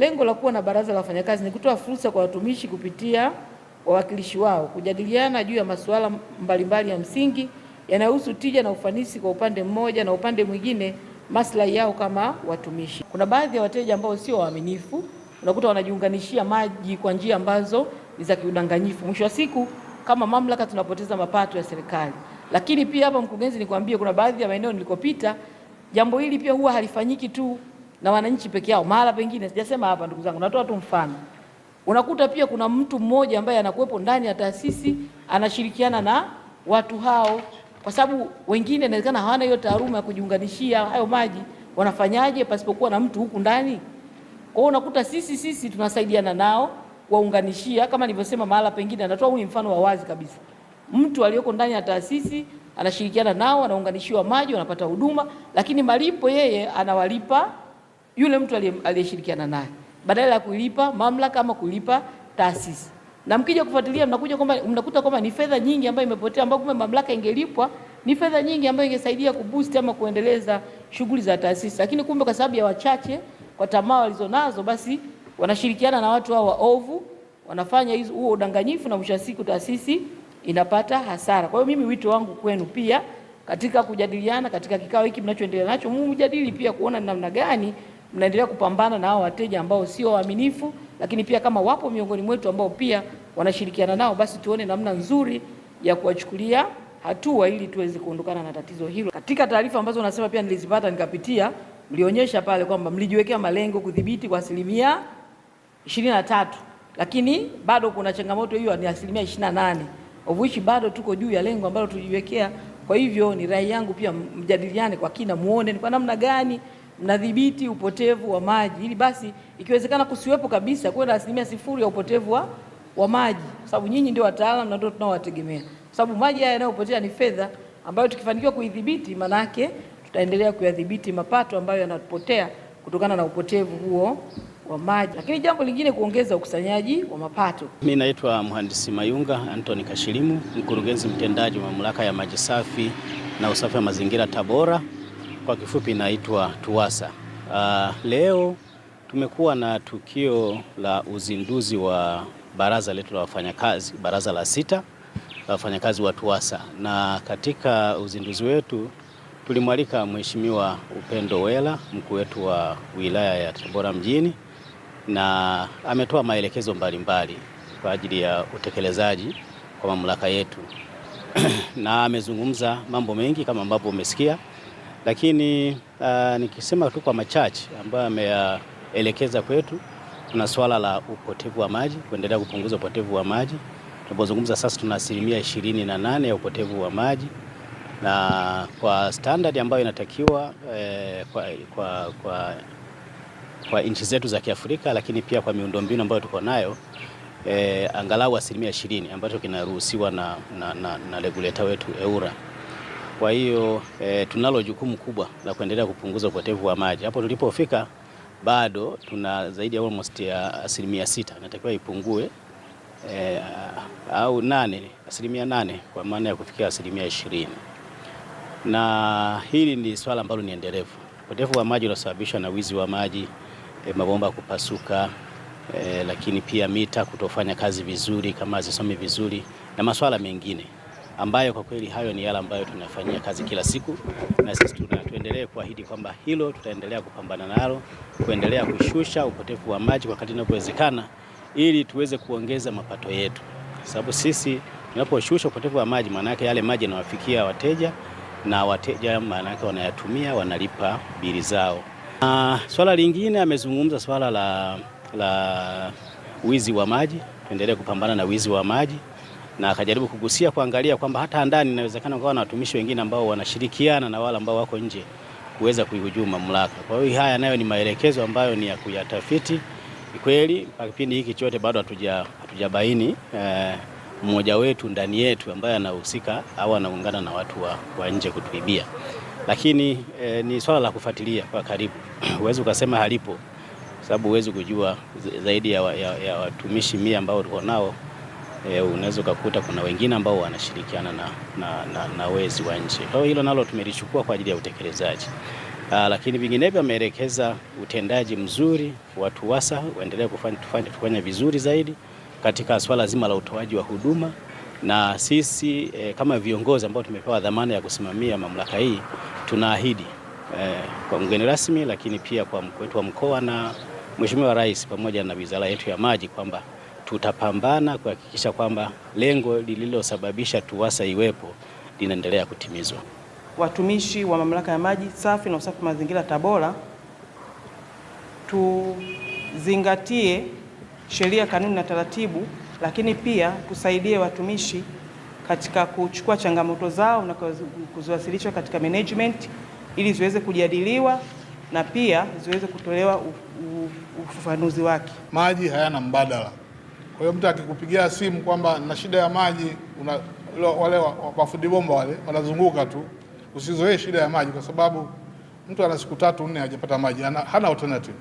Lengo la kuwa na baraza la wafanyakazi ni kutoa fursa kwa watumishi kupitia wawakilishi wao kujadiliana juu ya masuala mbalimbali ya msingi yanayohusu tija na ufanisi kwa upande mmoja, na upande mwingine maslahi yao kama watumishi. Kuna baadhi ya wateja ambao sio waaminifu, unakuta wanajiunganishia maji kwa njia ambazo ni za kiudanganyifu. Mwisho wa siku, kama mamlaka tunapoteza mapato ya serikali. Lakini pia hapa, mkurugenzi, nikwambie kuna baadhi ya maeneo nilikopita, jambo hili pia huwa halifanyiki tu na wananchi peke yao, mahala pengine sijasema hapa. Ndugu zangu, natoa tu mfano. Unakuta pia kuna mtu mmoja ambaye anakuwepo ndani ya taasisi anashirikiana na watu hao, kwa sababu wengine inawezekana hawana hiyo taaluma ya kujiunganishia hayo maji. Wanafanyaje pasipokuwa na mtu huku ndani? Kwa hiyo unakuta sisi sisi tunasaidiana nao kuwaunganishia, kama nilivyosema, mahala pengine. Natoa huu mfano wa wazi kabisa, mtu aliyoko ndani ya taasisi anashirikiana nao, anaunganishiwa maji, wanapata huduma, lakini malipo yeye anawalipa yule mtu aliyeshirikiana naye badala ya kulipa mamlaka ama kulipa taasisi. Na mkija kufuatilia, mnakuja kwamba mnakuta kwamba ni fedha nyingi ambayo imepotea, ambayo kumbe mamlaka ingelipwa ni fedha nyingi ambayo ingesaidia kuboost ama kuendeleza shughuli za taasisi, lakini kumbe kwa sababu ya wachache, kwa tamaa walizonazo, basi wanashirikiana na watu hao waovu, wanafanya hizo huo udanganyifu, na mwisho wa siku taasisi inapata hasara. Kwa hiyo mimi wito wangu kwenu pia katika kujadiliana katika kikao hiki mnachoendelea nacho, mjadili pia kuona namna gani mnaendelea kupambana na hao wateja ambao sio waaminifu, lakini pia kama wapo miongoni mwetu ambao pia wanashirikiana nao, basi tuone namna nzuri ya kuwachukulia hatua ili tuweze kuondokana na tatizo hilo. Katika taarifa ambazo unasema pia nilizipata nikapitia, mlionyesha pale kwamba mlijiwekea malengo kudhibiti kwa asilimia ishirini na tatu lakini bado kuna changamoto hiyo, ni asilimia ishirini na nane of which bado tuko juu ya lengo ambalo tulijiwekea. Kwa hivyo ni rai yangu pia mjadiliane kwa kina, muone ni kwa namna gani mnadhibiti upotevu wa maji, ili basi ikiwezekana kusiwepo kabisa, kwenda asilimia sifuri ya upotevu wa, wa maji, kwa sababu nyinyi ndio wataalamu na ndio tunaowategemea, kwa sababu maji haya yanayopotea ni fedha ambayo tukifanikiwa kuidhibiti, manake tutaendelea kuyadhibiti mapato ambayo yanapotea kutokana na upotevu huo wa maji. Lakini jambo lingine kuongeza ukusanyaji wa mapato. Mimi naitwa mhandisi Mayunga Anthony Kashilimu, mkurugenzi mtendaji wa mamlaka ya maji safi na usafi wa mazingira Tabora kwa kifupi inaitwa TUWASA. Uh, leo tumekuwa na tukio la uzinduzi wa baraza letu la wafanyakazi, baraza la sita la wafanyakazi wa TUWASA, na katika uzinduzi wetu tulimwalika Mheshimiwa Upendo Wela, mkuu wetu wa wilaya ya Tabora mjini, na ametoa maelekezo mbalimbali mbali kwa ajili ya utekelezaji kwa mamlaka yetu na amezungumza mambo mengi kama ambavyo umesikia. Lakini uh, nikisema tu kwa machache ambayo ameyaelekeza kwetu, kuna swala la upotevu wa maji, kuendelea kupunguza upotevu wa maji. Tunapozungumza sasa, tuna asilimia ishirini na nane ya upotevu wa maji na kwa standard ambayo inatakiwa eh, kwa, kwa, kwa, kwa nchi zetu za Kiafrika, lakini pia kwa miundombinu ambayo tuko nayo eh, angalau asilimia ishirini ambacho kinaruhusiwa na, na, na, na regulator wetu eura kwa hiyo e, tunalo jukumu kubwa la kuendelea kupunguza upotevu wa maji. Hapo tulipofika bado tuna zaidi ya almost ya asilimia sita natakiwa ipungue e, au nane, asilimia nane kwa maana ya kufikia asilimia ishirini, na hili ni swala ambalo ni endelevu. Upotevu wa maji unasababishwa na wizi wa maji e, mabomba kupasuka e, lakini pia mita kutofanya kazi vizuri kama hazisomi vizuri na masuala mengine ambayo kwa kweli hayo ni yale ambayo tunafanyia kazi kila siku, na sisi tuendelee kuahidi kwamba hilo tutaendelea kupambana nalo, kuendelea kushusha upotevu wa maji kwa kadri inavyowezekana, ili tuweze kuongeza mapato yetu, sababu sisi tunaposhusha upotevu wa maji, maana yake yale maji yanawafikia wateja na wateja maana yake wanayatumia, wanalipa bili zao. Na swala lingine amezungumza swala la, la wizi wa maji. Tuendelee kupambana na wizi wa maji na akajaribu kugusia kuangalia kwamba hata ndani inawezekana ukawa na watumishi wengine ambao wanashirikiana na wale ambao wako nje kuweza kuihujumu mamlaka. Kwa hiyo haya nayo ni maelekezo ambayo ni ya kuyatafiti. Kweli mpaka kipindi hiki chote bado hatujabaini eh, mmoja wetu ndani yetu ambaye anahusika au anaungana na watu wa, wa nje kutuibia, lakini eh, ni swala la kufuatilia kwa karibu. Huwezi ukasema halipo, sababu huwezi kujua zaidi ya, ya, ya watumishi mia ambao tuko nao e, unaweza ukakuta kuna wengine ambao wanashirikiana na, na, na, na wezi wa nchi. Kwa hiyo hilo nalo tumelichukua kwa ajili ya utekelezaji. Aa, ah, lakini vinginevyo ameelekeza utendaji mzuri wa TUWASA waendelee kufanya, kufanya vizuri zaidi katika swala zima la utoaji wa huduma na sisi e, kama viongozi ambao tumepewa dhamana ya kusimamia mamlaka hii tunaahidi e, kwa mgeni rasmi, lakini pia kwa mkuu wetu wa mkoa na Mheshimiwa Rais pamoja na wizara yetu ya maji kwamba tutapambana kuhakikisha kwamba lengo lililosababisha TUWASA iwepo linaendelea kutimizwa. Watumishi wa mamlaka ya maji safi na usafi mazingira Tabora, tuzingatie sheria, kanuni na taratibu, lakini pia tusaidie watumishi katika kuchukua changamoto zao na kuziwasilisha katika management ili ziweze kujadiliwa na pia ziweze kutolewa ufafanuzi wake. Maji hayana mbadala. Kwa hiyo mtu akikupigia simu kwamba na shida ya maji una, wale wafundi bomba wale wanazunguka tu, usizoee shida ya maji, kwa sababu mtu ana siku tatu nne hajapata maji, hana alternative.